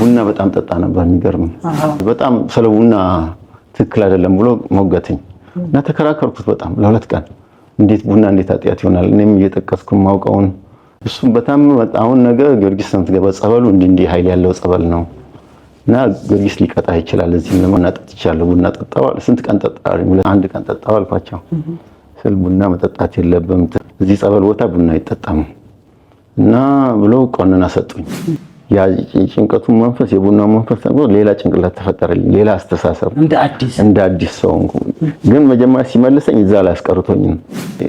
ቡና በጣም ጠጣ ነበር። የሚገርም በጣም ስለ ቡና ትክክል አይደለም ብሎ ሞገተኝ እና ተከራከርኩት በጣም ለሁለት ቀን። እንዴት ቡና እንዴት አጥያት ይሆናል? እኔም እየጠቀስኩ ማውቀውን እሱም በጣም አሁን ነገ ጊዮርጊስ ነው የምትገባ ጸበሉ እንዲህ እንዲህ ኃይል ያለው ጸበል ነው እና ጊዮርጊስ ሊቀጣ ይችላል። እዚህም ለምን አጠጥቻለሁ ቡና ጠጣዋል። ስንት ቀን ጠጣ? አንድ ቀን ጠጣው አልኳቸው። ስል ቡና መጠጣት የለብም እዚህ ጸበል ቦታ ቡና አይጠጣም እና ብሎ ቆንና ሰጡኝ። የጭንቀቱን መንፈስ የቡና መንፈስ ተንቆ ሌላ ጭንቅላት ተፈጠረልኝ፣ ሌላ አስተሳሰብ እንደ አዲስ ሰው። ግን መጀመሪያ ሲመልሰኝ እዛ ላይ አስቀርቶኝ ነው።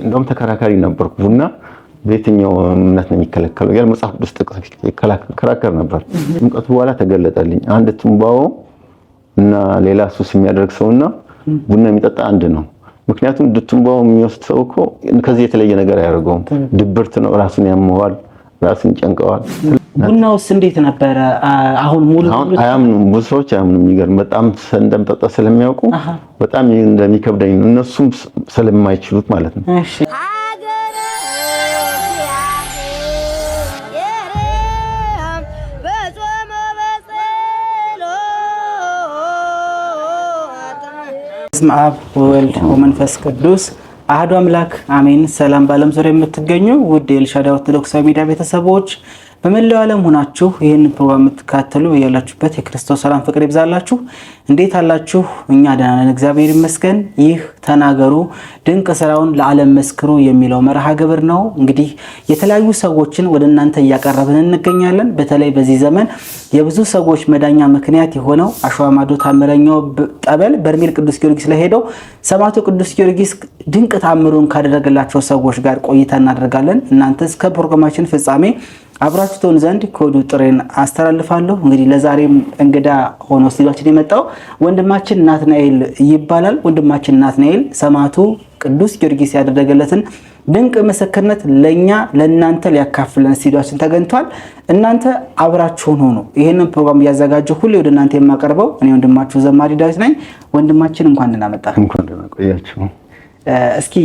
እንደውም ተከራካሪ ነበርኩ። ቡና በየትኛው እምነት ነው የሚከለከለው? ያል መጽሐፍ ቅዱስ ጥቅስ ይከራከር ነበር። ጭንቀቱ በኋላ ተገለጠልኝ። አንድ ትንባሆ እና ሌላ ሱስ የሚያደርግ ሰውና ቡና የሚጠጣ አንድ ነው። ምክንያቱም ትንባሆ የሚወስድ ሰው እኮ ከዚህ የተለየ ነገር አያደርገውም። ድብርት ነው፣ ራሱን ያመዋል። ራስን ጨንቀዋል። ቡናውስ እንዴት ነበረ? አሁን ሙሉ አያምኑም፣ ብዙ ሰዎች አያምኑም። የሚገርም በጣም እንደምጠጣ ስለሚያውቁ በጣም እንደሚከብደኝ ነው እነሱም ስለማይችሉት ማለት ነው። በስመ አብ ወወልድ ወመንፈስ ቅዱስ አህዱ አምላክ አሜን። ሰላም በዓለም ዙሪያ የምትገኙ ውድ የኤልሻዳይ ኦርቶዶክሳዊ ሚዲያ ቤተሰቦች በመላው ዓለም ሆናችሁ ይህን ፕሮግራም የምትከታተሉ ያላችሁበት የክርስቶስ ሰላም ፍቅር ይብዛላችሁ። እንዴት አላችሁ? እኛ ደህና ነን፣ እግዚአብሔር ይመስገን። ይህ ተናገሩ ድንቅ ስራውን ለዓለም መስክሩ የሚለው መርሃ ግብር ነው። እንግዲህ የተለያዩ ሰዎችን ወደ እናንተ እያቀረብን እንገኛለን። በተለይ በዚህ ዘመን የብዙ ሰዎች መዳኛ ምክንያት የሆነው አሸዋማዶ ታምረኛው ጠበል በርሜል ቅዱስ ጊዮርጊስ ለሄደው ሰማዕቱ ቅዱስ ጊዮርጊስ ድንቅ ታምሩን ካደረገላቸው ሰዎች ጋር ቆይታ እናደርጋለን። እናንተ እስከ ፕሮግራማችን ፍጻሜ አብራችሁ ትሆን ዘንድ ኮዱ ጥሬን አስተላልፋለሁ። እንግዲህ ለዛሬም እንግዳ ሆኖ ስቱዲዮአችን የመጣው ወንድማችን ናትናኤል ይባላል። ወንድማችን ናትናኤል ሰማዕቱ ቅዱስ ጊዮርጊስ ያደረገለትን ድንቅ ምስክርነት ለእኛ ለእናንተ ሊያካፍለን ስቱዲዮአችን ተገኝቷል። እናንተ አብራችሁን ሆኖ ይህንን ፕሮግራም እያዘጋጀ ሁሌ ወደ እናንተ የማቀርበው እኔ ወንድማችሁ ዘማሪ ዳዊት ነኝ። ወንድማችን እንኳን እንድናመጣ እንኳን እስኪ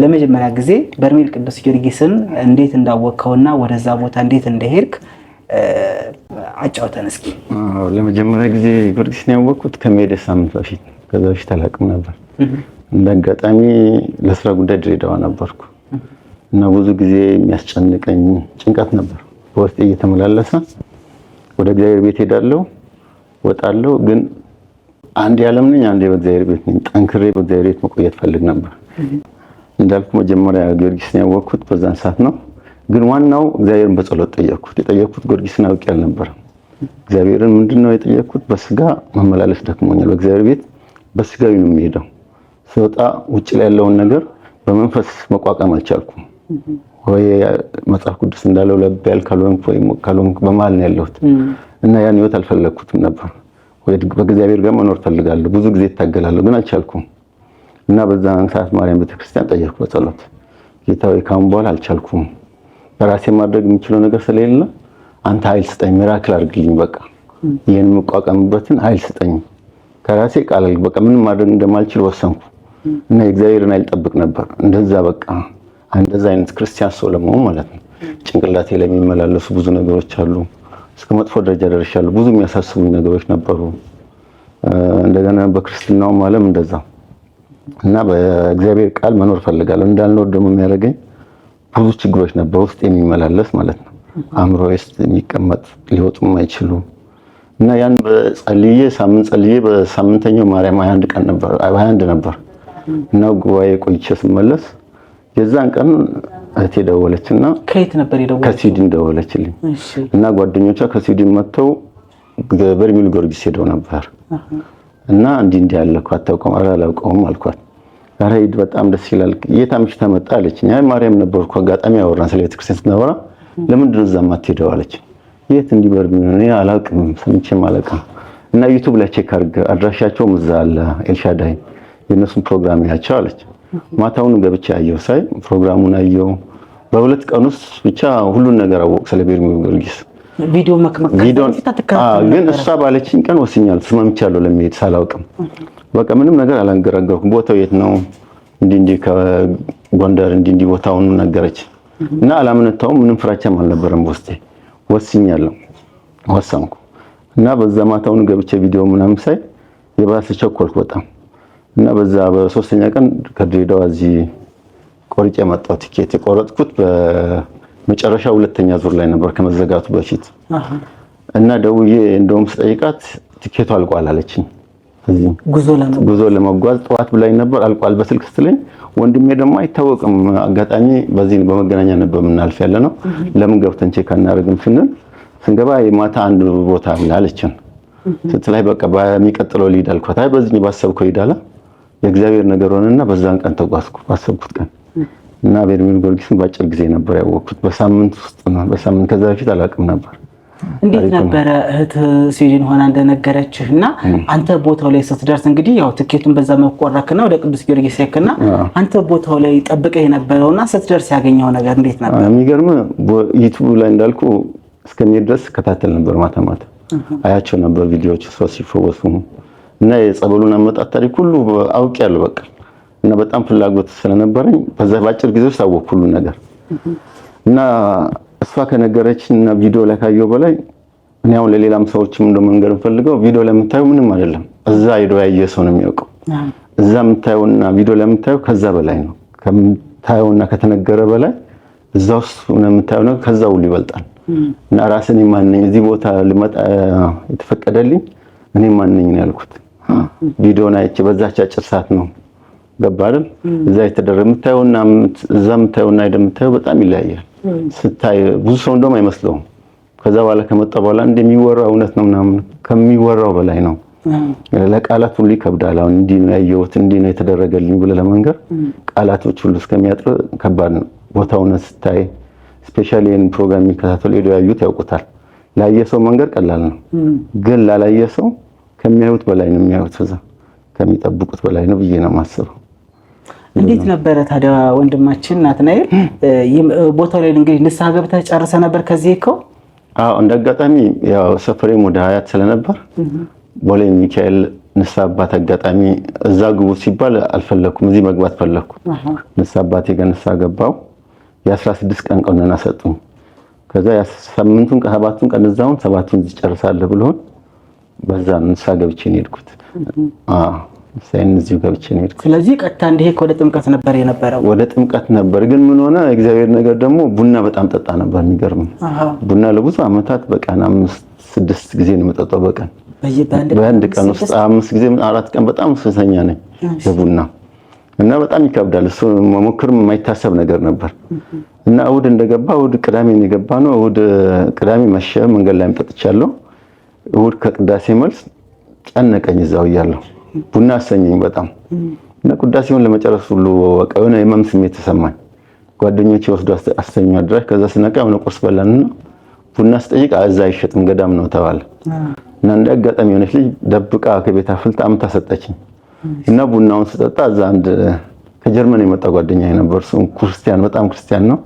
ለመጀመሪያ ጊዜ በርሜል ቅዱስ ጊዮርጊስን እንዴት እንዳወቅከውና ወደዛ ቦታ እንዴት እንደሄድክ አጫውተን እስኪ። ለመጀመሪያ ጊዜ ጊዮርጊስን ያወቅኩት ከመሄደ ሳምንት በፊት ከዛ በፊት አላውቅም ነበር። እንደ አጋጣሚ ለስራ ጉዳይ ድሬዳዋ ነበርኩ እና ብዙ ጊዜ የሚያስጨንቀኝ ጭንቀት ነበር በውስጤ እየተመላለሰ ወደ እግዚአብሔር ቤት ሄዳለሁ፣ ወጣለሁ ግን አንድ ያለም ነኝ፣ አንድ በእግዚአብሔር ቤት ነኝ። ጠንክሬ በእግዚአብሔር ቤት መቆየት ፈልግ ነበር። እንዳልኩ መጀመሪያ ጊዮርጊስን ያወቅኩት በዛን ሰዓት ነው። ግን ዋናው እግዚአብሔርን በጸሎት ጠየቅኩት። የጠየቅኩት ጊዮርጊስን አውቄ አልነበረም። እግዚአብሔርን ምንድን ነው የጠየቅኩት? በስጋ መመላለስ ደክሞኛል። በእግዚአብሔር ቤት በስጋዊ ነው የሚሄደው። ስወጣ ውጭ ላይ ያለውን ነገር በመንፈስ መቋቋም አልቻልኩም። ወይ መጽሐፍ ቅዱስ እንዳለው ለብ ያልክ ካልሆንክ በመሀል ነው ያለሁት እና ያን ህይወት አልፈለግኩትም ነበር በእግዚአብሔር ጋር መኖር ፈልጋለሁ። ብዙ ጊዜ እታገላለሁ ግን አልቻልኩም እና በዛ ሰዓት ማርያም ቤተክርስቲያን ጠየቅኩ በጸሎት ጌታ ወይ ካሁን በኋላ አልቻልኩም፣ በራሴ ማድረግ የምችለው ነገር ስለሌለ አንተ ኃይል ስጠኝ፣ ሚራክል አድርግልኝ፣ በቃ ይህን የምቋቋምበትን ኃይል ስጠኝ። ከራሴ ቃል በቃ ምንም ማድረግ እንደማልችል ወሰንኩ እና የእግዚአብሔርን ኃይል ጠብቅ ነበር። እንደዛ በቃ እንደዛ አይነት ክርስቲያን ሰው ለመሆን ማለት ነው። ጭንቅላቴ ላይ የሚመላለሱ ብዙ ነገሮች አሉ። እስከ መጥፎ ደረጃ ደርሻለሁ። ብዙ የሚያሳስቡኝ ነገሮች ነበሩ። እንደገና በክርስትናውም ዓለም እንደዛ እና በእግዚአብሔር ቃል መኖር ፈልጋለሁ። እንዳልኖር ደግሞ የሚያደርገኝ ብዙ ችግሮች ነበር፣ ውስጥ የሚመላለስ ማለት ነው። አእምሮ ውስጥ የሚቀመጥ ሊወጡ የማይችሉ እና ያን በጸልዬ ሳምንት ጸልዬ በሳምንተኛው ማርያም 21 ቀን ነበር 21 ነበር እና ጉባኤ ቆይቼ ስመለስ የዛን ቀን እህቴ ደወለች እና ከየት ነበር ከስዊድን ደወለችልኝ እና ጓደኞቿ ከስዊድን መጥተው በርሜል ጊዮርጊስ ሄደው ነበር እና እንዲህ እንዲህ አታውቀውም? ኧረ አላውቀውም አልኳት። ኧረ ሂድ በጣም ደስ ይላል። የት መጣ አለችኝ። አይ ማርያም ነበርኩ አጋጣሚ ያወራን ስለ ቤተክርስቲያን ስናወራ ለምንድን እዛ የማትሄደው የት እንዲህ እኔ አላውቅም ሰምቼም አላውቅም እና ላይ ቼክ አድራሻቸውም እዛ አለ ኤልሻዳይ የእነሱን ፕሮግራም ያቸው አለች ማታውን ገብቼ አየሁ። ሳይ ፕሮግራሙን አየሁ። በሁለት ቀን ውስጥ ብቻ ሁሉን ነገር አወቅ ስለ ቤርሚል ጊዮርጊስ ቪዲዮ ግን እሷ ባለችኝ ቀን ወስኛል። ተስማምቻለሁ ለሚሄድ ሳላውቅም በቃ ምንም ነገር አላንገራገርኩም። ቦታው የት ነው እንዲህ እንዲህ ከጎንደር እንዲህ እንዲህ ቦታውን ነገረች እና አላምነታውም። ምንም ፍራቻም አልነበረም ውስጤ። ወስኛለሁ፣ ወሰንኩ እና በዛ ማታውን ገብቼ ቪዲዮ ምናምን ሳይ የባሰ ቸኮልኩ በጣም እና በዛ በሶስተኛ ቀን ከድሬዳዋ እዚህ ቆርጬ የመጣው ቲኬት የቆረጥኩት በመጨረሻ ሁለተኛ ዙር ላይ ነበር ከመዘጋቱ በፊት እና ደውዬ እንደውም ስጠይቃት ቲኬቱ አልቋል አለችኝ። ጉዞ ለመጓዝ ጠዋት ብላኝ ነበር አልቋል በስልክ ስትለኝ፣ ወንድሜ ደግሞ አይታወቅም አጋጣሚ በዚህ በመገናኛ ነበር የምናልፍ ያለ ነው ለምን ገብተን ቼክ አናደርግም ስንል ስንገባ የማታ አንድ ቦታ ብላ አለችን ስትላይ በቃ በሚቀጥለው ሊሄድ አልኳት። አይ በዚህ ባሰብከው ይሄዳል የእግዚአብሔር ነገር ሆነና በዛን ቀን ተጓዝኩ። ባሰብኩት ቀን እና ቤንያሚን ጊዮርጊስን በአጭር ጊዜ ነበር ያወቅኩት። በሳምንት ውስጥ ነው። በሳምንት ከዛ በፊት አላውቅም ነበር። እንዴት ነበረ? እህት ስዊድን ሆና እንደነገረችህ እና አንተ ቦታው ላይ ስትደርስ እንግዲህ ያው ትኬቱን በዛ መቆረክና ወደ ቅዱስ ጊዮርጊስ ሄድክና አንተ ቦታው ላይ ጠብቀ የነበረውና ስትደርስ ያገኘው ነገር እንዴት ነበር? የሚገርም ዩቱብ ላይ እንዳልኩ እስከሚሄድ ድረስ ከታተል ነበር። ማታ ማታ አያቸው ነበር ቪዲዮዎች ሰው ሲፈወሱ እና የጸበሉን አመጣት ታሪክ ሁሉ አውቄያለሁ በቃ እና በጣም ፍላጎት ስለነበረኝ በዛ በአጭር ጊዜ ውስጥ አወቅኩ ሁሉ ነገር እና እሷ ከነገረችን እና ቪዲዮ ላይ ካየው በላይ እኔ አሁን ለሌላም ሰዎችም እንደመንገር እንፈልገው ቪዲዮ ለምታዩ ምንም አይደለም። እዛ ሄዶ ያየ ሰው ነው የሚያውቀው። እዛ የምታየውና ቪዲዮ ለምታዩ ከዛ በላይ ነው። ከምታየውና ከተነገረ በላይ እዛ ውስጥ የምታየው ነገር ከዛ ሁሉ ይበልጣል። እና ራስን ማነኝ እዚህ ቦታ ልመጣ የተፈቀደልኝ እኔ ማን ነኝ ነው ያልኩት። ቪዲዮን አይቼ በዛች አጭር ሰዓት ነው ገባ እዛ የተደረገ የምታየውና እዛ የምታየውና የምታየው በጣም ይለያያል። ስታይ ብዙ ሰው እንደውም አይመስለውም። ከዛ በኋላ ከመጣ በኋላ እንደሚወራው እውነት ነው ምናምን ከሚወራው በላይ ነው። ለቃላት ሁሉ ይከብዳል። አሁን እንዲህ ነው ያየሁት እንዲህ ነው የተደረገልኝ ብለህ ለመንገር ቃላቶች ሁሉ እስከሚያጥር ከባድ ነው። ቦታውን ስታይ ስፔሻሊ ይህን ፕሮግራም የሚከታተሉ ሄደው ያዩት ያውቁታል። ላየ ሰው መንገር ቀላል ነው፣ ግን ላላየ ሰው ከሚያዩት በላይ ነው የሚያዩት እዛ ከሚጠብቁት በላይ ነው ብዬ ነው የማስበው። እንዴት ነበረ ታዲያ ወንድማችን ናትናኤል ቦታው ላይ እንግዲህ ንስሐ ገብተህ ጨርሰህ ነበር ከዚህ ሄድከው? አዎ እንደ አጋጣሚ ያው ሰፈሬም ወደ ሀያት ስለነበር ቦሌ ሚካኤል ንስሐ አባት አጋጣሚ እዛ ግቡ ሲባል አልፈለኩም፣ እዚህ መግባት ፈለኩ። ንስሐ አባቴ ጋር ንስሐ ገባው። የአስራ ስድስት ቀን ቀኖና ሰጡኝ። ከዛ ስምንቱን ቀን ሰባቱን ቀን እዛውን ሰባቱን እዚህ ጨርሳለህ ብሎን በዛ ንሳ ገብቼ ነው የሄድኩት። ሳይን እዚሁ ገብቼ ነው የሄድኩት። ስለዚህ ቀጥታ እንደሄድክ ወደ ጥምቀት ነበር የነበረው? ወደ ጥምቀት ነበር። ግን ምን ሆነ፣ እግዚአብሔር ነገር ደግሞ ቡና በጣም ጠጣ ነበር። የሚገርም ቡና ለብዙ አመታት በቀን አምስት ስድስት ጊዜ ነው የምጠጣው በቀን በአንድ ቀን ውስጥ አምስት ጊዜ አራት ቀን በጣም ሱሰኛ ነኝ የቡና እና በጣም ይከብዳል። እሱ መሞክርም የማይታሰብ ነገር ነበር እና እሑድ እንደገባ እሑድ ቅዳሜ የገባ ነው። እሑድ ቅዳሜ መሸ መንገድ ላይም ጠጥቻለሁ። እሁድ ከቅዳሴ መልስ ጨነቀኝ። እዛው እያለሁ ቡና አሰኘኝ በጣም እና ቅዳሴውን ለመጨረስ ሁሉ በቃ የሆነ ስሜት ተሰማኝ። ጓደኞቼ ወስዶ አስተኛ አድራሽ። ከዛ ስነቃ የሆነ ቁርስ በላንና ቡና ስጠይቅ እዛ አይሸጥም ገዳም ነው ተባለ እና እንደ አጋጣሚ የሆነች ልጅ ደብቃ ከቤት አፍልታ አምታ ሰጠችኝ እና ቡናውን ስጠጣ እዛ አንድ ከጀርመን የመጣ ጓደኛ ነበር። እሱ ክርስቲያን በጣም ክርስቲያን ነው።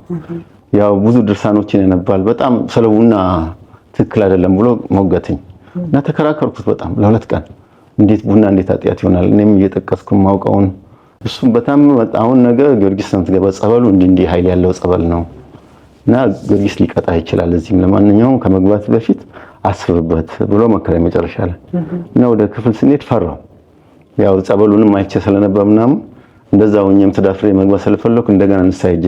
ያው ብዙ ድርሳኖችን ያነባል። በጣም ስለ ቡና ትክክል አይደለም ብሎ ሞገተኝ። እና ተከራከርኩት በጣም ለሁለት ቀን እንዴት ቡና እንዴት አጥያት ይሆናል? እኔም እየጠቀስኩ ማውቀውን እሱም በጣም አሁን ነገ ጊዮርጊስ ነው የምትገባ ጸበሉ እንዲህ እንዲህ ኃይል ያለው ጸበል ነው እና ጊዮርጊስ ሊቀጣ ይችላል። እዚህም ለማንኛውም ከመግባት በፊት አስብበት ብሎ መከራ መጨረሻ ላይ እና ወደ ክፍል ስንሄድ ፈራው። ያው ጸበሉንም አይቼ ስለነበር ምናምን እንደዛ ሆኜም ተዳፍሬ መግባት ስለፈለኩ እንደገና ንሳ ሄጄ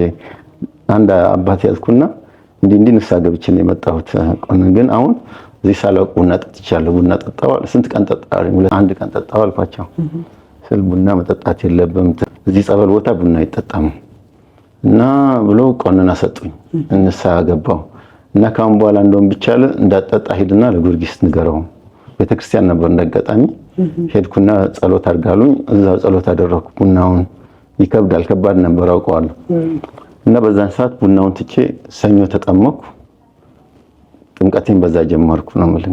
አንድ አባት ያዝኩና እንዲህ እንዲህ ንሳ ገብቼ ነው የመጣሁት። ግን አሁን እዚህ ሳላውቅ ቡና ጠጥቻለሁ። ቡና ጠጣዋል። ስንት ቀን ጠጣዋል? አንድ ቀን ጠጣው አልኳቸው ስል ቡና መጠጣት የለብም እዚህ ጸበል ቦታ ቡና አይጠጣም እና ብሎ ቆንና ሰጡኝ። እንሳ ገባው እና ካሁን በኋላ እንደውም ብቻለ እንዳጠጣ ሂድና ለጊዮርጊስ ንገረው። ቤተክርስቲያን ነበር እንዳጋጣሚ ሄድኩና ጸሎት አድርጋሉኝ። እዛ ጸሎት አደረኩ። ቡናውን ይከብዳል፣ ከባድ ነበር አውቀዋለሁ። እና በዛን ሰዓት ቡናውን ትቼ ሰኞ ተጠመኩ። ጥምቀቴን በዛ ጀመርኩ ነው የምልህ።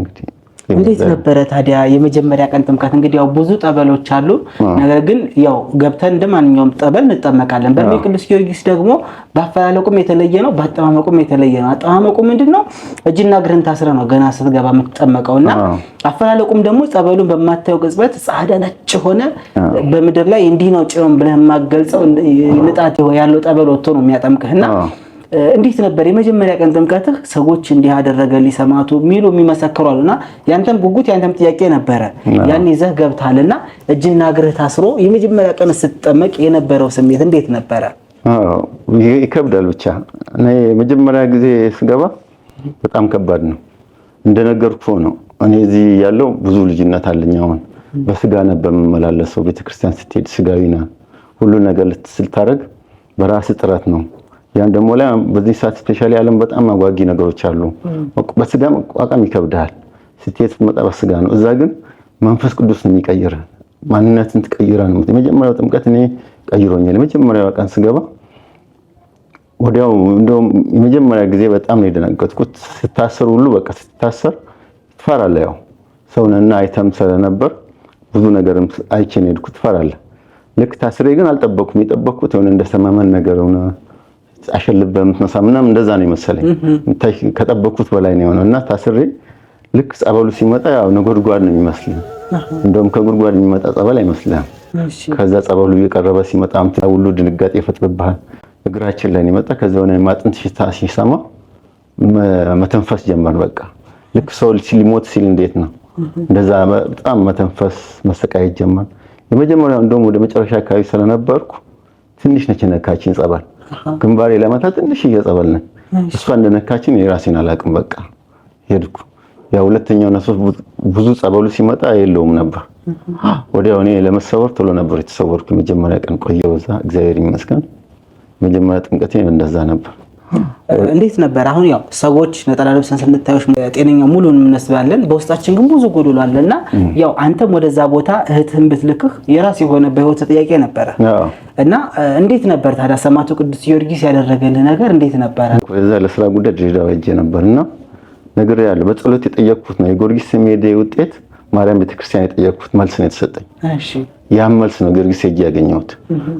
እንግዲህ እንዴት ነበረ ታዲያ የመጀመሪያ ቀን ጥምቀት? እንግዲህ ያው ብዙ ጠበሎች አሉ። ነገር ግን ያው ገብተን እንደ ማንኛውም ጠበል እንጠመቃለን። በርሜል ቅዱስ ጊዮርጊስ ደግሞ በአፈላለቁም የተለየ ነው፣ በአጠማመቁም የተለየ ነው። አጠማመቁ ምንድን ነው? እጅና እግርን ታስረ ነው ገና ስትገባ የምትጠመቀው እና አፈላለቁም ደግሞ ጸበሉን በማታየው ቅጽበት ጻዳ ነጭ ሆነ። በምድር ላይ እንዲህ ነው ጭም ብለህ የማገልጸው ንጣት ያለው ጠበል ወጥቶ ነው የሚያጠምቅህና እንዴት ነበር የመጀመሪያ ቀን ጥምቀትህ? ሰዎች እንዲህ አደረገልኝ ሰማዕቱ የሚሉ የሚመሰክሩ አሉና ያንተም ጉጉት ያንተም ጥያቄ ነበረ። ያን ይዘህ ገብታልና እጅና እግርህ ታስሮ የመጀመሪያ ቀን ስትጠመቅ የነበረው ስሜት እንዴት ነበረ? ይከብዳል። ብቻ የመጀመሪያ ጊዜ ስገባ በጣም ከባድ ነው። እንደነገርኩ ነው። እኔ እዚህ ያለው ብዙ ልጅነት አለኝ። አሁን በስጋ ነበር የምመላለሰው። ቤተክርስቲያን ስትሄድ ስጋዊና ሁሉ ነገር ልትስል ታደረግ በራስ ጥረት ነው ያን ደግሞ ላይ በዚህ ሰዓት ስፔሻሊ ዓለም በጣም አጓጊ ነገሮች አሉ። በስጋ መቋቋም ይከብዳል። ስትሄድ ስትመጣ በስጋ ነው። እዛ ግን መንፈስ ቅዱስ ነው የሚቀይር። ማንነትን ትቀይራ ነው። የመጀመሪያው ጥምቀት እኔ ቀይሮኛል። የመጀመሪያው ቀን ስገባ ወዲያው እንደውም የመጀመሪያ ጊዜ በጣም ነው የደነገጥኩት። ስታሰር ሁሉ በቃ ስታሰር ትፈራለህ። ያው ሰውነና አይተም ስለነበር ብዙ ነገርም አይቼ ነው የሄድኩት። ትፈራለህ። ልክ ታስሬ ግን አልጠበኩም። የጠበኩት የሆነ እንደሰማመን ነገር ሆነ አሸልበ የምትነሳ ምናምን እንደዛ ነው የመሰለኝ። ከጠበኩት በላይ ነው የሆነው እና ታስሬ ልክ ጸበሉ ሲመጣ ያው ነጎድጓድ ነው የሚመስልኝ። እንደውም ከጉድጓድ የሚመጣ ጸበል አይመስልህም። ከዛ ጸበሉ እየቀረበ ሲመጣ ሁሉ ድንጋጤ ይፈጥርብሃል። እግራችን ላይ ይመጣ። ከዛ ሆነ ማጥንት ሽታ ሲሰማ መተንፈስ ጀመር። በቃ ልክ ሰው ሊሞት ሲል እንዴት ነው እንደዛ በጣም መተንፈስ መሰቃየት ጀመር። የመጀመሪያው እንደውም ወደ መጨረሻ አካባቢ ስለነበርኩ ትንሽ ነች ነካችን ጸበል ግንባሬ ለመታ ትንሽ እየጸበል ነን። እሷ እንደነካችን የራሴን አላቅም። በቃ ሄድኩ። ያ ሁለተኛው እና ብዙ ጸበሉ ሲመጣ የለውም ነበር። ወዲያው እኔ ለመሰወር ቶሎ ነበር የተሰወርኩ። የመጀመሪያ ቀን ቆየው እዛ። እግዚአብሔር ይመስገን። መጀመሪያ ጥምቀቴ እንደዛ ነበር። እንዴት ነበር? አሁን ያው ሰዎች ነጠላ ልብሰን ስንታዮች ጤነኛ ሙሉ እንመስላለን፣ በውስጣችን ግን ብዙ ጎዶሎ አለ እና ያው አንተም ወደዛ ቦታ እህትህን ብትልክህ የራስ የሆነ በህይወት ጥያቄ ነበረ እና እንዴት ነበር ታዲያ ሰማዕቱ ቅዱስ ጊዮርጊስ ያደረገልህ ነገር እንዴት ነበረ? ዛ ለስራ ጉዳይ ድሬዳዋ ሄጄ ነበር እና ነገር ያለ በጸሎት የጠየቅኩት ነው የጊዮርጊስ ሜዴ ውጤት ማርያም ቤተክርስቲያን የጠየቅኩት መልስ ነው የተሰጠኝ። ያም መልስ ነው ጊዮርጊስ ሄጄ ያገኘሁት።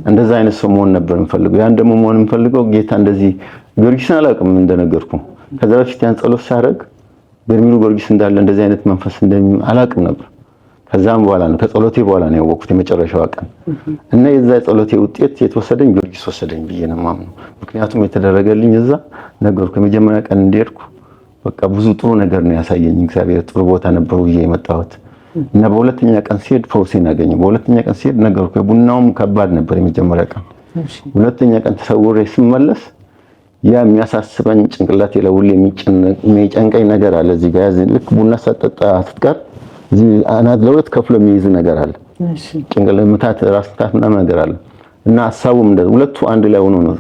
እንደዛ አይነት ሰው መሆን ነበር የምፈልገው። ያን ደግሞ መሆን የምፈልገው ጌታ እንደዚህ ጊዮርጊስን አላውቅም እንደነገርኩ። ከዛ በፊት ያን ጸሎት ሳደርግ በርሚሉ ጊዮርጊስ እንዳለ እንደዚህ አይነት መንፈስ እንደሚ አላውቅም ነበር። ከዛም በኋላ ነው ከጸሎቴ በኋላ ነው ያወቅኩት የመጨረሻዋ ቀን እና የዛ ጸሎቴ ውጤት የተወሰደኝ ጊዮርጊስ ወሰደኝ ብዬ ነው የማምነው። ምክንያቱም የተደረገልኝ እዛ ነገርኩ ከመጀመሪያ ቀን እንደሄድኩ በቃ ብዙ ጥሩ ነገር ነው ያሳየኝ እግዚአብሔር። ጥሩ ቦታ ነበሩ ብዬ የመጣሁት እና በሁለተኛ ቀን ሲሄድ ፈውሴን አገኘሁ። በሁለተኛ ቀን ሲሄድ ነገርኩ። ቡናውም ከባድ ነበር የመጀመሪያ ቀን። ሁለተኛ ቀን ተሰውሬ ስመለስ ያ የሚያሳስበኝ ጭንቅላት የለውል የሚጨንቀኝ ነገር አለ። እዚህ ጋር ያዝ ልክ ቡና ሳጠጣ ስትቀር እዚህ አናት ለሁለት ከፍሎ የሚይዝ ነገር አለ። ጭንቅላት ምታት፣ ራስ ምታት ምናምን ነገር አለ እና ሀሳቡም ሁለቱ አንድ ላይ ሆኖ ነው።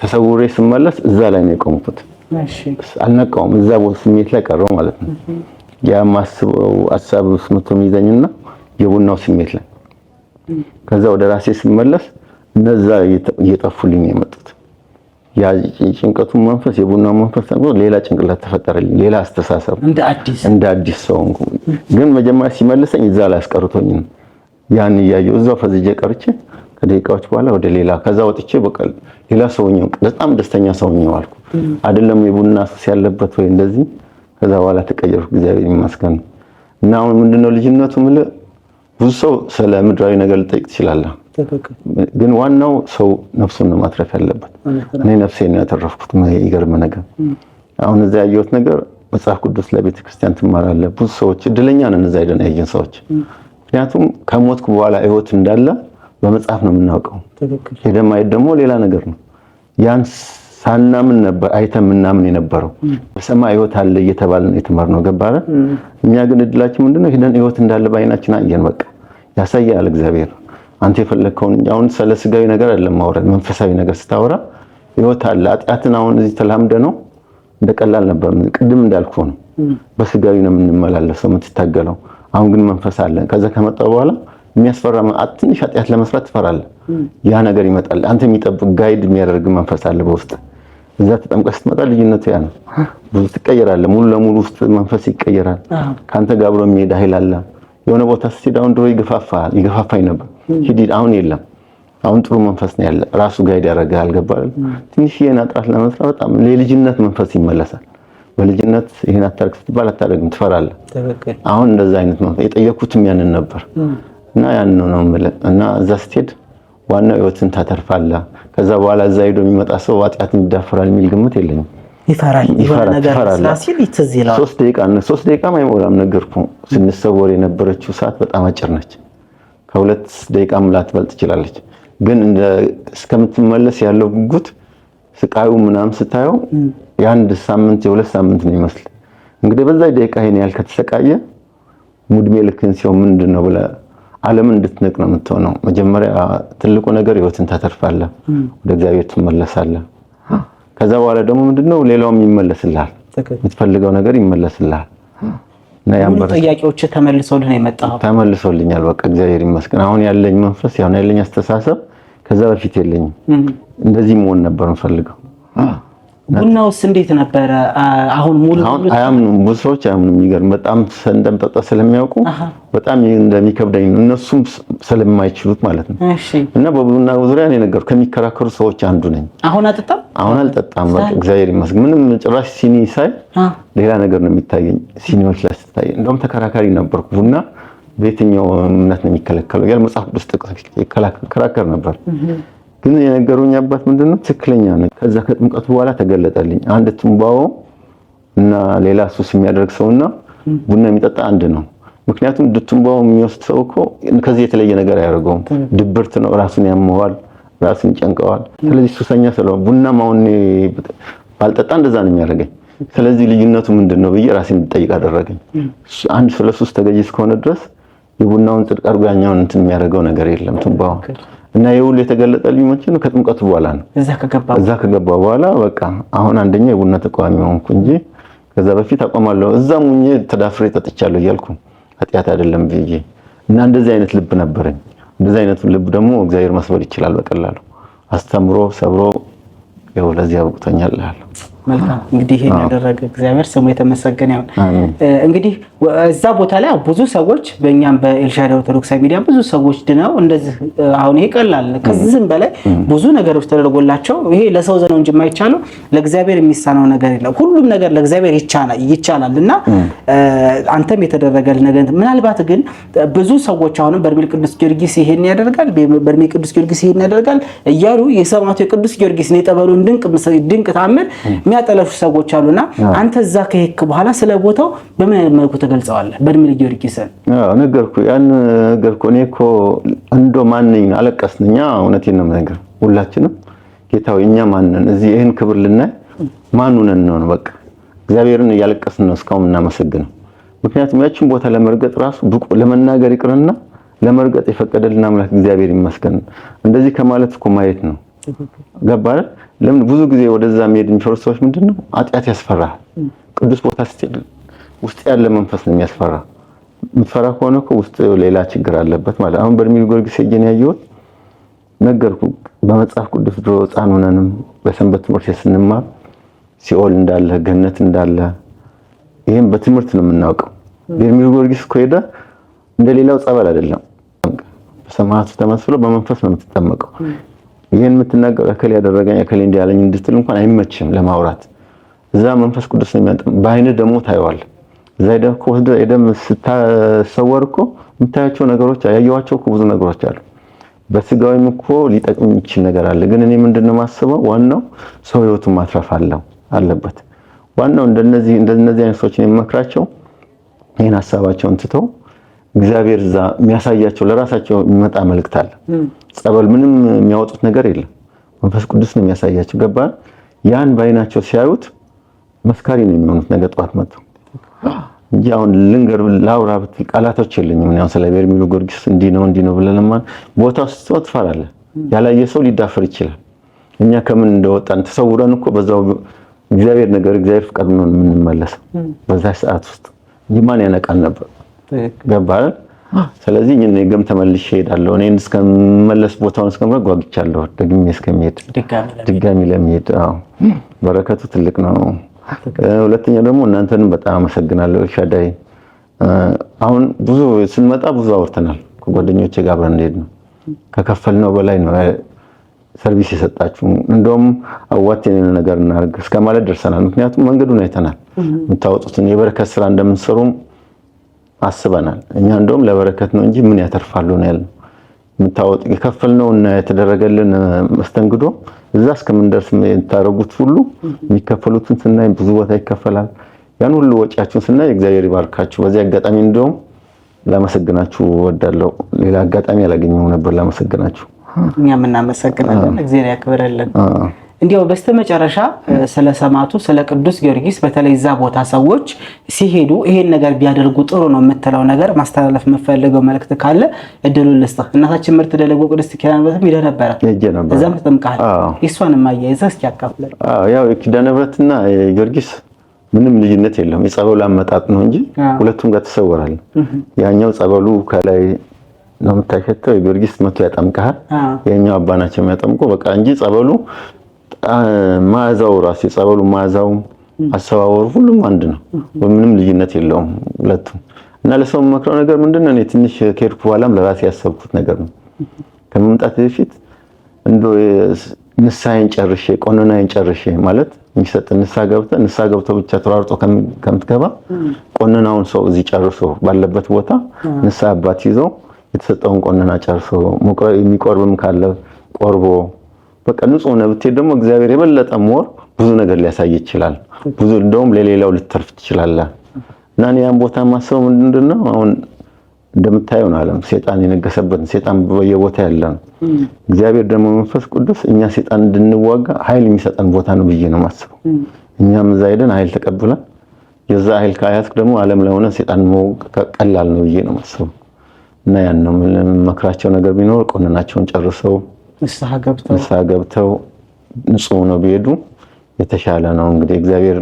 ተሰውሬ ስመለስ እዛ ላይ ነው የቆምኩት። አልነቃውም። እዛ ቦታ ስሜት ላይ ቀረው ማለት ነው። ያ ማስበው ሀሳብ ስምቶ የሚይዘኝና የቡናው ስሜት ላይ ከዛ ወደ ራሴ ስመለስ እነዛ እየጠፉልኝ የመጡት ጭንቀቱን መንፈስ የቡና መንፈስ ተንቆ ሌላ ጭንቅላት ተፈጠረልኝ፣ ሌላ አስተሳሰብ እንደ አዲስ ሰው እንኩ። ግን መጀመሪያ ሲመልሰኝ እዛ ላይ አስቀርቶኝም ያን እያየሁ እዛው ፈዝጄ ቀርቼ ከደቂቃዎች በኋላ ወደ ሌላ ከዛ ወጥቼ በቃ ሌላ ሰውኝ በጣም ደስተኛ ሰውኝ አልኩ። አይደለም የቡና ሱስ ያለበት ወይ እንደዚህ። ከዛ በኋላ ተቀየርኩ። እግዚአብሔር ይመስገን። እና አሁን ምንድነው ልጅነቱ ምል ብዙ ሰው ስለ ምድራዊ ነገር ልጠይቅ ትችላለህ ግን ዋናው ሰው ነፍሱን ነው ማትረፍ ያለበት። እኔ ነፍሴ ነው ያተረፍኩት። ይገርም ነገር አሁን እዚያ ያየሁት ነገር መጽሐፍ ቅዱስ ለቤተ ክርስቲያን ትማራለህ። ብዙ ሰዎች እድለኛ ነን እዛ ሄደን ያየን ሰዎች፣ ምክንያቱም ከሞትኩ በኋላ ህይወት እንዳለ በመጽሐፍ ነው የምናውቀው። ሄደን ማየት ደግሞ ሌላ ነገር ነው። ያን ሳናምን ነበር አይተን ምናምን የነበረው በሰማይ ህይወት አለ እየተባለ ነው የተማርነው። ገባረ እኛ ግን እድላችን ምንድነው? ሄደን ህይወት እንዳለ በአይናችን አየን። በቃ ያሳያል እግዚአብሔር አንተ የፈለግከውን እንጂ አሁን ስለ ስጋዊ ነገር አይደለም ማውረድ። መንፈሳዊ ነገር ስታወራ ህይወት አለ። አጥያትን አሁን እዚህ ተላምደ ነው እንደ ቀላል ነበር። ቅድም እንዳልኩ ነው፣ በስጋዊ ነው የምንመላለሰው የምትታገለው። አሁን ግን መንፈስ አለ። ከዛ ከመጣ በኋላ የሚያስፈራ ትንሽ ኃጢአት ለመስራት ትፈራለህ። ያ ነገር ይመጣል። አንተ የሚጠብቅ ጋይድ የሚያደርግ መንፈስ አለ በውስጥ። እዛ ተጠምቀህ ስትመጣ ልዩነቱ ያ ነው። ብዙ ትቀየራለህ። ሙሉ ለሙሉ ውስጥ መንፈስ ይቀየራል። ከአንተ ጋር አብሮ የሚሄድ ኃይል አለ። የሆነ ቦታ ስትሄድ አሁን ድሮ ይገፋፋል፣ ይገፋፋኝ ነበር ሂዲድ አሁን የለም። አሁን ጥሩ መንፈስ ነው ያለ። ራሱ ጋይድ ያደርጋል። ገባል ትንሽ ይሄን አጥራት ለመስራት በጣም ለልጅነት መንፈስ ይመለሳል። በልጅነት ይሄን አታርግ ስትባል አታደርግም፣ ትፈራለህ። አሁን እንደዛ አይነት መንፈስ የጠየኩትም ያንን ነበር እና ያን ነው የምልህ እና እዛ ስትሄድ ዋናው ህይወትን ታተርፋለ። ከዛ በኋላ እዛ ሄዶ የሚመጣ ሰው ዋጥያትን ይዳፈራል የሚል ግምት የለኝም። ይፈራል ይፈራል ይፈራል። ሶስት ደቂቃ አይሞላም ነገርኩህ። ስንት ሰው ወሬ የነበረችው ሰዓት በጣም አጭር ነች። ከሁለት ደቂቃ ምላት ላትበልጥ ትችላለች። ግን እስከምትመለስ ያለው ጉጉት ስቃዩ ምናምን ስታየው የአንድ ሳምንት የሁለት ሳምንት ነው ይመስል። እንግዲህ በዛ ደቂቃ ይሄን ያህል ከተሰቃየ ሙድሜ ልክን ሲሆን ምንድን ነው ብለ ዓለምን እንድትንቅ ነው የምትሆነው። መጀመሪያ ትልቁ ነገር ህይወትን ታተርፋለህ፣ ወደ እግዚአብሔር ትመለሳለ። ከዛ በኋላ ደግሞ ምንድነው ሌላውም ይመለስልሃል፣ የምትፈልገው ነገር ይመለስልሃል። ጥያቄዎች ተመልሶልህ ነው የመጣኸው? ተመልሶልኛል። በቃ እግዚአብሔር ይመስገን። አሁን ያለኝ መንፈስ ያሁን ያለኝ አስተሳሰብ ከዛ በፊት የለኝም። እንደዚህ መሆን ነበር የምፈልገው። ቡናውስ እንዴት ነበረ? አሁን ሙሉ አያምኑ ብዙ ሰዎች አያምኑ የሚገርም በጣም እንደምጠጣ ስለሚያውቁ በጣም እንደሚከብደኝ ነው እነሱም ስለማይችሉት ማለት ነው። እና በቡና ዙሪያ እኔ ነገር ከሚከራከሩ ሰዎች አንዱ ነኝ። አሁን አልጠጣም፣ አሁን አልጠጣም። እግዚአብሔር ይመስገን። ምንም ጭራሽ ሲኒ ሳይ ሌላ ነገር ነው የሚታየኝ። ሲኒዎች ላይ ስታይ እንደውም ተከራካሪ ነበርኩ። ቡና በየትኛው እምነት ነው የሚከለከለው? ያል መጽሐፍ ቅዱስ ጥቅስ ይከራከር ነበር ግን የነገሩኝ አባት ምንድነው ትክክለኛ ነው። ከዛ ከጥምቀቱ በኋላ ተገለጠልኝ። አንድ ትንባሆ እና ሌላ ሱስ የሚያደርግ ሰውና ቡና የሚጠጣ አንድ ነው። ምክንያቱም ትንባሆ የሚወስድ ሰው እኮ ከዚህ የተለየ ነገር አያደርገውም። ድብርት ነው፣ ራሱን ያመዋል፣ ራሱን ይጨንቀዋል። ስለዚህ ሱሰኛ ስለሆነ ቡና ማሁን ባልጠጣ እንደዛ ነው የሚያደርገኝ። ስለዚህ ልዩነቱ ምንድን ነው ብዬ ራሴን እንድጠይቅ አደረገኝ። አንድ ስለ ሱስ ተገዢ እስከሆነ ድረስ የቡናውን ጽድቅ አድርጎ ያኛውን እንትን የሚያደርገው ነገር የለም ትንባሆን እና የውል የተገለጠልኝ መቼ ነው? ከጥምቀቱ በኋላ ነው። እዛ ከገባ በኋላ በቃ አሁን አንደኛ የቡና ተቃዋሚ ሆንኩ እንጂ ከዛ በፊት አቆማለሁ እዛም ሙኜ ተዳፍሬ ጠጥቻለሁ እያልኩ ኃጢአት አይደለም ብዬ እና እንደዚህ አይነት ልብ ነበረኝ። እንደዚህ አይነቱን ልብ ደግሞ እግዚአብሔር መስበር ይችላል በቀላሉ አስተምሮ ሰብሮ ይኸው ለዚህ አብቅቶኛል እላለሁ። መልካም እንግዲህ ይሄን ያደረገ እግዚአብሔር ስሙ የተመሰገነ ይሁን። እንግዲህ እዛ ቦታ ላይ ብዙ ሰዎች በእኛም በኤልሻዳ ኦርቶዶክሳዊ ሚዲያ ብዙ ሰዎች ድነው እንደዚህ አሁን ይሄ ቀላል ከዚህም በላይ ብዙ ነገሮች ተደርጎላቸው ይሄ ለሰው ዘነው እንጂ የማይቻለው ለእግዚአብሔር የሚሳነው ነገር የለም። ሁሉም ነገር ለእግዚአብሔር ይቻላል እና አንተም የተደረገል ነገር ምናልባት ግን ብዙ ሰዎች አሁንም በርሜል ቅዱስ ጊዮርጊስ ይሄን ያደርጋል፣ በርሜል ቅዱስ ጊዮርጊስ ይሄን ያደርጋል እያሉ የሰማቱ የቅዱስ ጊዮርጊስ ነው የጠበሉን ድንቅ ድንቅ ታምር የሚያጠለፉ ሰዎች አሉና አንተ እዛ ከሄክ በኋላ ስለ ቦታው በምን አይነት መልኩ ትገልጸዋለህ? በድምሌ ጊዮርጊስን ነገርኩህ፣ ያን ነገርኩህ። እኔ እኮ እንዶ ማንኝ አለቀስንኛ። እኛ። እውነቴን ነው ነገር ሁላችንም ጌታዊ፣ እኛ ማንን እዚህ ይህን ክብር ልናይ ማኑነን ነው ነው በቃ እግዚአብሔርን እያለቀስን ነው እስካሁን እናመሰግነው። ምክንያቱም ያችን ቦታ ለመርገጥ ራሱ ብቁ ለመናገር ይቅርና ለመርገጥ የፈቀደልን አምላክ እግዚአብሔር ይመስገን። እንደዚህ ከማለት እኮ ማየት ነው ገባህ? ለምን ብዙ ጊዜ ወደዛ መሄድ የሚፈሩት ሰዎች ምንድን ነው? አጢአት ያስፈራል። ቅዱስ ቦታ ስትሄድ ውስጥ ያለ መንፈስ ነው የሚያስፈራ። የምትፈራ ከሆነ እኮ ውስጥ ሌላ ችግር አለበት ማለት። አሁን በርሜል ጊዮርጊስ ሄጄን ያየሁት ነገርኩ። በመጽሐፍ ቅዱስ ድሮ ሕፃን ሆነንም በሰንበት ትምህርት ስንማር ሲኦል እንዳለ ገነት እንዳለ ይህም በትምህርት ነው የምናውቀው። በርሜል ጊዮርጊስ እኮ እንደሌላው ጸበል አይደለም። በሰማዕቱ ተመስሎ በመንፈስ ነው የምትጠመቀው። ይህን የምትናገር እከሌ ያደረገኝ እከሌ እንዲህ ያለኝ እንድትል እንኳን አይመችም ለማውራት። እዛ መንፈስ ቅዱስ ነው የሚያጠም። በአይንህ ደግሞ ታየዋል። እዛ ደግሞ ደም ስታሰወር እኮ የምታያቸው ነገሮች ያየዋቸው እኮ ብዙ ነገሮች አሉ። በስጋዊም እኮ ሊጠቅም የሚችል ነገር አለ። ግን እኔ ምንድን ማስበው ዋናው ሰው ህይወቱን ማትረፍ አለበት። ዋናው እንደነዚህ እንደነዚህ አይነት ሰዎች የምመክራቸው ይህን ሀሳባቸውን ትተው እግዚአብሔር እዛ የሚያሳያቸው ለራሳቸው የሚመጣ መልእክት አለ። ጸበል ምንም የሚያወጡት ነገር የለም። መንፈስ ቅዱስ ነው የሚያሳያቸው። ገባ ያን በአይናቸው ሲያዩት መስካሪ ነው የሚሆኑት። ነገ ጠዋት መጥተው እንጂ አሁን ልንገር ላውራ ብትል ቃላቶች የለኝም። ሁን ስለ በርሜሉ ጊዮርጊስ እንዲህ ነው እንዲህ ነው ብለንማ ቦታ ውስጥ ትፈራለህ። ያላየ ሰው ሊዳፈር ይችላል። እኛ ከምን እንደወጣን ተሰውረን እኮ በዛው እግዚአብሔር ነገር እግዚአብሔር ፍቃድ ነው የምንመለሰው በዛ ሰዓት ውስጥ እንጂ ማን ያነቃን ነበር ገባል ስለዚህ ግን ተመልሼ እሄዳለሁ። እኔን እስከመለስ ቦታውን እስከምረ ጓግቻለሁ። ደግሜ እስከሚሄድ ድጋሚ ለሚሄድ በረከቱ ትልቅ ነው። ሁለተኛ ደግሞ እናንተንም በጣም አመሰግናለሁ ኤልሻዳይ። አሁን ብዙ ስንመጣ ብዙ አውርተናል። ከጓደኞቼ ጋር አብረን እንሄድ ነው። ከከፈልነው በላይ ነው ሰርቪስ የሰጣችሁ። እንደውም አዋት የሌለ ነገር እናድርግ እስከማለት ደርሰናል። ምክንያቱም መንገዱን አይተናል። የምታወጡትን የበረከት ስራ እንደምንሰሩም አስበናል። እኛ እንደውም ለበረከት ነው እንጂ ምን ያተርፋሉ ነው ያልነው። የምታወጥ የከፈልነው እና የተደረገልን መስተንግዶ እዛ እስከምንደርስ የምታደርጉት ሁሉ የሚከፈሉትን ስናይ ብዙ ቦታ ይከፈላል። ያን ሁሉ ወጪያችሁን ስናይ እግዚአብሔር ይባርካችሁ። በዚህ አጋጣሚ እንደውም ላመሰግናችሁ እወዳለሁ። ሌላ አጋጣሚ አላገኘሁም ነበር ላመሰግናችሁ። እኛም እናመሰግናለን። እግዚአብሔር ያክብረልን። እንዲያው በስተመጨረሻ ስለ ሰማዕቱ ስለ ቅዱስ ጊዮርጊስ በተለይ እዛ ቦታ ሰዎች ሲሄዱ ይሄን ነገር ቢያደርጉ ጥሩ ነው የምትለው ነገር ማስተላለፍ የምፈልገው መልእክት ካለ እድሉን ልስጥህ። እናታችን ምርት ደለጎ ቅድስት ኪዳነ ምሕረትም ሄደህ ነበረ፣ እዛም ተጠምቀሃል። እሷንም አያይዘህ እስኪ ያካፍለን። ያው ኪዳነ ምሕረትና ጊዮርጊስ ምንም ልዩነት የለም። የጸበሉ አመጣጥ ነው እንጂ ሁለቱም ጋር ተሰወራል። ያኛው ጸበሉ ከላይ ነው የምታሸተው፣ የጊዮርጊስ መቶ ያጠምቀሃል። የኛው አባናቸው የሚያጠምቁ በቃ እንጂ ጸበሉ መዓዛው ራሱ የጸበሉ ማዛው አሰባወሩ ሁሉም አንድ ነው። ምንም ልዩነት የለውም ሁለቱም። እና ለሰው መክረው ነገር ምንድነው እኔ ትንሽ ከሄድኩ በኋላም ለራሴ ያሰብኩት ነገር ነው። ከመምጣት በፊት እንዶ ንሳይን ጨርሼ ቆኖናይን ጨርሼ ማለት የሚሰጥ ንሳ ገብተ ንሳ ገብተ ብቻ ተሯርጦ ከምትገባ ቆኖናውን ሰው እዚህ ጨርሶ ባለበት ቦታ ንሳ አባት ይዞ የተሰጠውን ቆኖና ጨርሶ የሚቆርብም ካለ ቆርቦ በቃ ንጹህ ሆነ ብትሄድ ደግሞ እግዚአብሔር የበለጠ ሞር ብዙ ነገር ሊያሳይ ይችላል። ብዙ እንደውም ለሌላው ልተርፍ ትችላለህ። እና እኔ ያን ቦታ ማሰብ ምንድን ነው አሁን እንደምታየው ነው ዓለም ሴጣን የነገሰበትን ሴጣን በየቦታ ያለ ነው። እግዚአብሔር ደግሞ መንፈስ ቅዱስ እኛ ሴጣን እንድንዋጋ ኃይል የሚሰጠን ቦታ ነው ብዬ ነው ማስበው። እኛም እዛ ሄደን ኃይል ተቀብለን የዛ ኃይል ካያስክ ደግሞ ዓለም ለሆነ ሴጣን ቀላል ነው ብዬ ነው ማስበው እና ያን ነው የምመክራቸው ነገር ቢኖር ቆነናቸውን ጨርሰው ንስሐ ገብተው ንጹህ ነው ቢሄዱ የተሻለ ነው። እንግዲህ እግዚአብሔር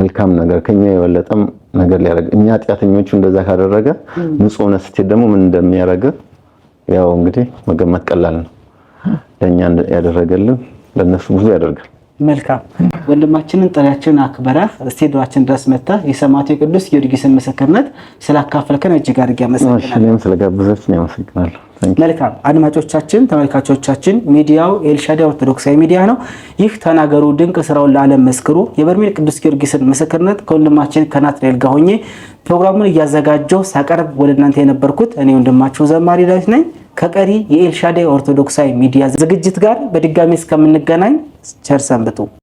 መልካም ነገር ከኛ የበለጠም ነገር ሊያደርግ እኛ ኃጢአተኞቹ እንደዛ ካደረገ ንጹህ ነው ስትሄድ ደግሞ ምን እንደሚያደርግ ያው እንግዲህ መገመት ቀላል ነው። ለእኛ ያደረገልን ለእነሱ ብዙ ያደርጋል። መልካም ወንድማችንን ጥሪያችንን አክብረህ ስቱዲዮአችን ድረስ መጥተህ የሰማዕቱ ቅዱስ ጊዮርጊስን ምስክርነት ስላካፈልከን እጅግ አድርጌ አመሰግናለሁ። ስለጋበዛችን አመሰግናለሁ። መልካም አድማጮቻችን፣ ተመልካቾቻችን ሚዲያው ኤልሻዳይ ኦርቶዶክሳዊ ሚዲያ ነው። ይህ ተናገሩ ድንቅ ስራውን ለዓለም መስክሩ የበርሜል ቅዱስ ጊዮርጊስን ምስክርነት ከወንድማችን ከናትናኤል ጋር ሆኜ ፕሮግራሙን እያዘጋጀው ሳቀርብ ወደ እናንተ የነበርኩት እኔ ወንድማችሁ ዘማሪ ዳዊት ነኝ። ከቀሪ የኤልሻዳይ ኦርቶዶክሳዊ ሚዲያ ዝግጅት ጋር በድጋሚ እስከምንገናኝ ቸር ሰንብቱ።